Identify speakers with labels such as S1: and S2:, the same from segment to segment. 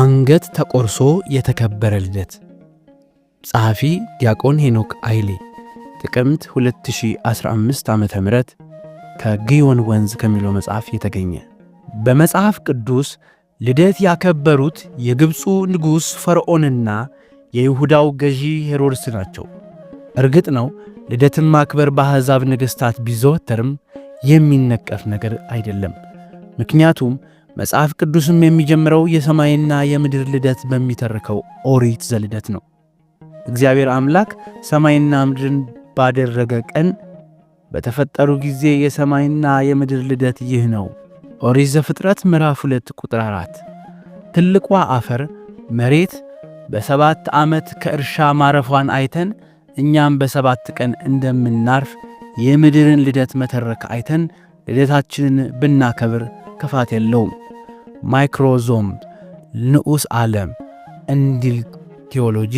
S1: አንገት ተቆርሶ የተከበረ ልደት። ጸሐፊ ዲያቆን ሄኖክ አይሌ ጥቅምት 2015 ዓ ም ከግዮን ወንዝ ከሚለው መጽሐፍ የተገኘ። በመጽሐፍ ቅዱስ ልደት ያከበሩት የግብፁ ንጉሥ ፈርዖንና የይሁዳው ገዢ ሄሮድስ ናቸው። እርግጥ ነው ልደትን ማክበር በአሕዛብ ነገሥታት ቢዘወተርም የሚነቀፍ ነገር አይደለም። ምክንያቱም መጽሐፍ ቅዱስም የሚጀምረው የሰማይና የምድር ልደት በሚተርከው ኦሪት ዘልደት ነው። እግዚአብሔር አምላክ ሰማይና ምድርን ባደረገ ቀን በተፈጠሩ ጊዜ የሰማይና የምድር ልደት ይህ ነው። ኦሪት ዘፍጥረት ምዕራፍ 2 ቁጥር 4 ትልቋ አፈር መሬት በሰባት ዓመት ከእርሻ ማረፏን አይተን እኛም በሰባት ቀን እንደምናርፍ የምድርን ልደት መተረክ አይተን ልደታችንን ብናከብር ክፋት የለውም። ማይክሮዞም ንዑስ ዓለም እንዲል ቴዎሎጂ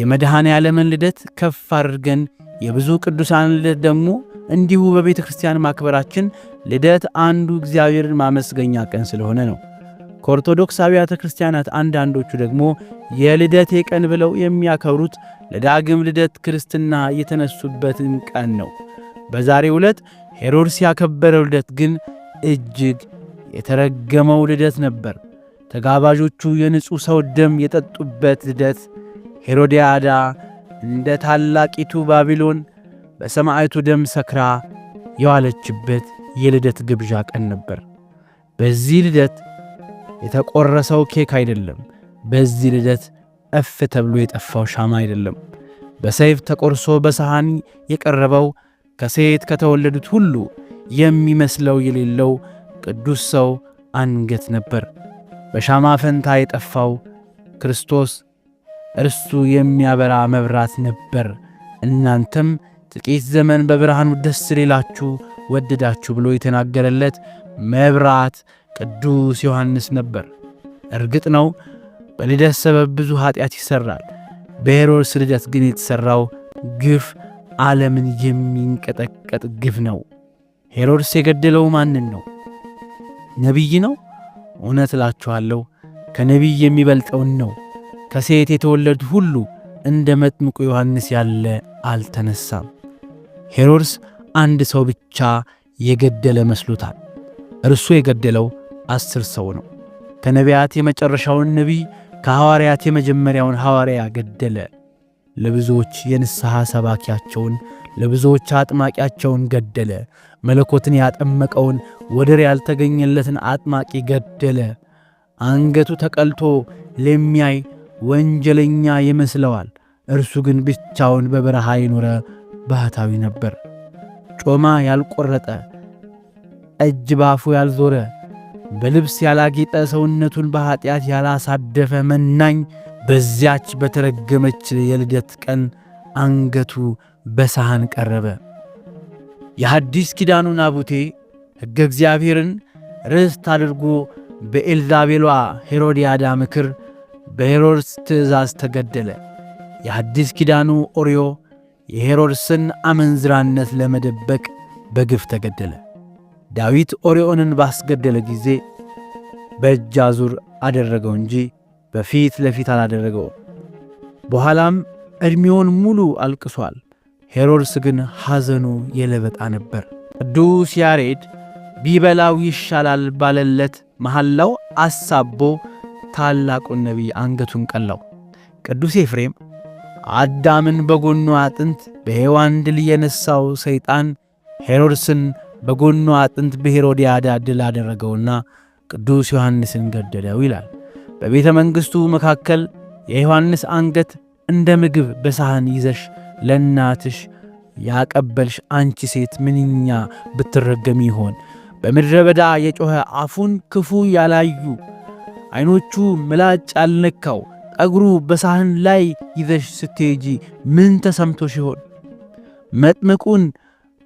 S1: የመድኃኔ ዓለምን ልደት ከፍ አድርገን የብዙ ቅዱሳን ልደት ደግሞ እንዲሁ በቤተ ክርስቲያን ማክበራችን ልደት አንዱ እግዚአብሔርን ማመስገኛ ቀን ስለሆነ ነው። ከኦርቶዶክስ አብያተ ክርስቲያናት አንዳንዶቹ ደግሞ የልደቴ ቀን ብለው የሚያከብሩት ለዳግም ልደት ክርስትና የተነሱበትን ቀን ነው። በዛሬ ዕለት ሄሮድስ ያከበረው ልደት ግን እጅግ የተረገመው ልደት ነበር። ተጋባዦቹ የንጹሕ ሰው ደም የጠጡበት ልደት ሄሮድያዳ እንደ ታላቂቱ ባቢሎን በሰማዕቱ ደም ሰክራ የዋለችበት የልደት ግብዣ ቀን ነበር። በዚህ ልደት የተቆረሰው ኬክ አይደለም። በዚህ ልደት እፍ ተብሎ የጠፋው ሻማ አይደለም። በሰይፍ ተቆርሶ በሰሃን የቀረበው ከሴት ከተወለዱት ሁሉ የሚመስለው የሌለው ቅዱስ ሰው አንገት ነበር። በሻማ ፈንታ የጠፋው ክርስቶስ እርሱ የሚያበራ መብራት ነበር። እናንተም ጥቂት ዘመን በብርሃኑ ደስ ሌላችሁ ወደዳችሁ ብሎ የተናገረለት መብራት ቅዱስ ዮሐንስ ነበር። እርግጥ ነው በልደት ሰበብ ብዙ ኃጢአት ይሠራል። በሄሮድስ ልደት ግን የተሠራው ግፍ ዓለምን የሚንቀጠቀጥ ግፍ ነው። ሄሮድስ የገደለው ማንን ነው? ነቢይ ነው? እውነት እላችኋለሁ ከነቢይ የሚበልጠውን ነው። ከሴት የተወለዱ ሁሉ እንደ መጥምቁ ዮሐንስ ያለ አልተነሳም። ሄሮድስ አንድ ሰው ብቻ የገደለ መስሎታል። እርሱ የገደለው አስር ሰው ነው። ከነቢያት የመጨረሻውን ነቢይ፣ ከሐዋርያት የመጀመሪያውን ሐዋርያ ገደለ። ለብዙዎች የንስሐ ሰባኪያቸውን ለብዙዎች አጥማቂያቸውን ገደለ። መለኮትን ያጠመቀውን ወደር ያልተገኘለትን አጥማቂ ገደለ። አንገቱ ተቀልቶ ለሚያይ ወንጀለኛ ይመስለዋል። እርሱ ግን ብቻውን በበረሃ የኖረ ባህታዊ ነበር። ጮማ ያልቆረጠ እጅ ባፉ ያልዞረ በልብስ ያላጌጠ ሰውነቱን በኀጢአት ያላሳደፈ መናኝ በዚያች በተረገመች የልደት ቀን አንገቱ በሳህን ቀረበ። የሐዲስ ኪዳኑ ናቡቴ ሕገ እግዚአብሔርን ርስት አድርጎ በኤልዛቤሏ ሄሮድያዳ ምክር በሄሮድስ ትእዛዝ ተገደለ። የሐዲስ ኪዳኑ ኦርዮ የሄሮድስን አመንዝራነት ለመደበቅ በግፍ ተገደለ። ዳዊት ኦርዮንን ባስገደለ ጊዜ በእጅ አዙር አደረገው እንጂ በፊት ለፊት አላደረገውም። በኋላም ዕድሜውን ሙሉ አልቅሷል። ሄሮድስ ግን ሐዘኑ የለበጣ ነበር። ቅዱስ ያሬድ ቢበላው ይሻላል ባለለት መሐላው አሳቦ ታላቁን ነቢይ አንገቱን ቀላው። ቅዱስ ኤፍሬም አዳምን በጎኗ አጥንት በሔዋን ድል የነሳው ሰይጣን ሄሮድስን በጎኗ አጥንት በሄሮድያዳ ድል አደረገውና ቅዱስ ዮሐንስን ገደለው ይላል። በቤተ መንግሥቱ መካከል የዮሐንስ አንገት እንደ ምግብ በሳህን ይዘሽ ለእናትሽ ያቀበልሽ አንቺ ሴት ምንኛ ብትረገም ይሆን! በምድረ በዳ የጮኸ አፉን ክፉ ያላዩ ዐይኖቹ ምላጭ ያልነካው ጠጉሩ በሳህን ላይ ይዘሽ ስትሄጂ ምን ተሰምቶሽ ይሆን? መጥምቁን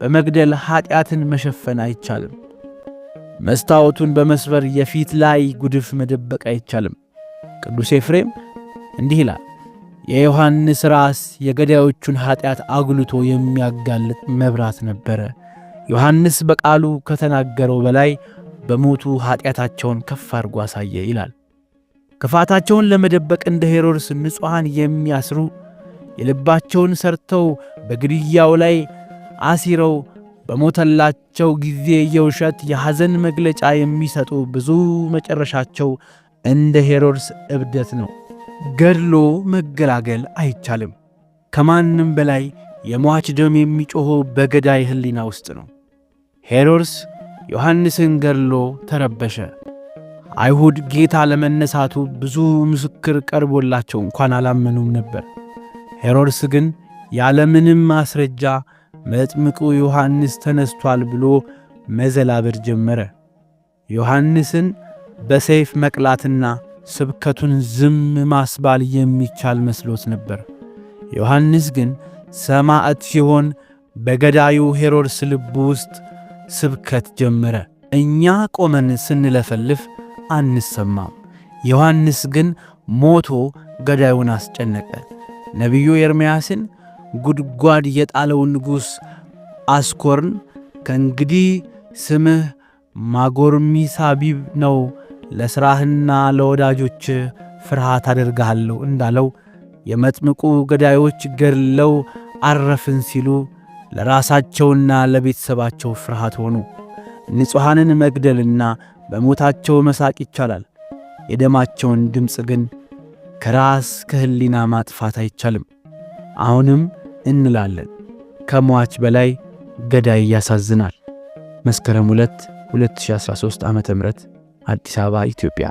S1: በመግደል ኀጢአትን መሸፈን አይቻልም። መስታወቱን በመስበር የፊት ላይ ጉድፍ መደበቅ አይቻልም። ቅዱስ ኤፍሬም እንዲህ ይላል፣ የዮሐንስ ራስ የገዳዮቹን ኀጢአት አጉልቶ የሚያጋልጥ መብራት ነበረ። ዮሐንስ በቃሉ ከተናገረው በላይ በሞቱ ኀጢአታቸውን ከፍ አድርጎ አሳየ ይላል። ክፋታቸውን ለመደበቅ እንደ ሄሮድስ ንጹሐን የሚያስሩ የልባቸውን ሰርተው በግድያው ላይ አሲረው በሞተላቸው ጊዜ የውሸት የሐዘን መግለጫ የሚሰጡ ብዙ መጨረሻቸው እንደ ሄሮድስ እብደት ነው። ገድሎ መገላገል አይቻልም። ከማንም በላይ የሟች ደም የሚጮኸው በገዳይ ሕሊና ውስጥ ነው። ሄሮድስ ዮሐንስን ገድሎ ተረበሸ። አይሁድ ጌታ ለመነሳቱ ብዙ ምስክር ቀርቦላቸው እንኳን አላመኑም ነበር። ሄሮድስ ግን ያለምንም ማስረጃ መጥምቁ ዮሐንስ ተነስቷል ብሎ መዘላበድ ጀመረ። ዮሐንስን በሰይፍ መቅላትና ስብከቱን ዝም ማስባል የሚቻል መስሎት ነበር። ዮሐንስ ግን ሰማዕት ሲሆን በገዳዩ ሄሮድስ ልብ ውስጥ ስብከት ጀመረ። እኛ ቆመን ስንለፈልፍ አንሰማም። ዮሐንስ ግን ሞቶ ገዳዩን አስጨነቀ። ነቢዩ ኤርምያስን ጉድጓድ የጣለው ንጉሥ አስኮርን ከእንግዲህ ስምህ ማጎርሚሳቢብ ነው ለሥራህና ለወዳጆች ፍርሃት አደርግሃለሁ እንዳለው የመጥምቁ ገዳዮች ገድለው አረፍን ሲሉ ለራሳቸውና ለቤተሰባቸው ፍርሃት ሆኑ። ንጹሐንን መግደልና በሞታቸው መሳቅ ይቻላል። የደማቸውን ድምፅ ግን ከራስ ከሕሊና ማጥፋት አይቻልም። አሁንም እንላለን ከሟች በላይ ገዳይ ያሳዝናል። መስከረም 2 2013 ዓ.ም አዲስ አበባ ኢትዮጵያ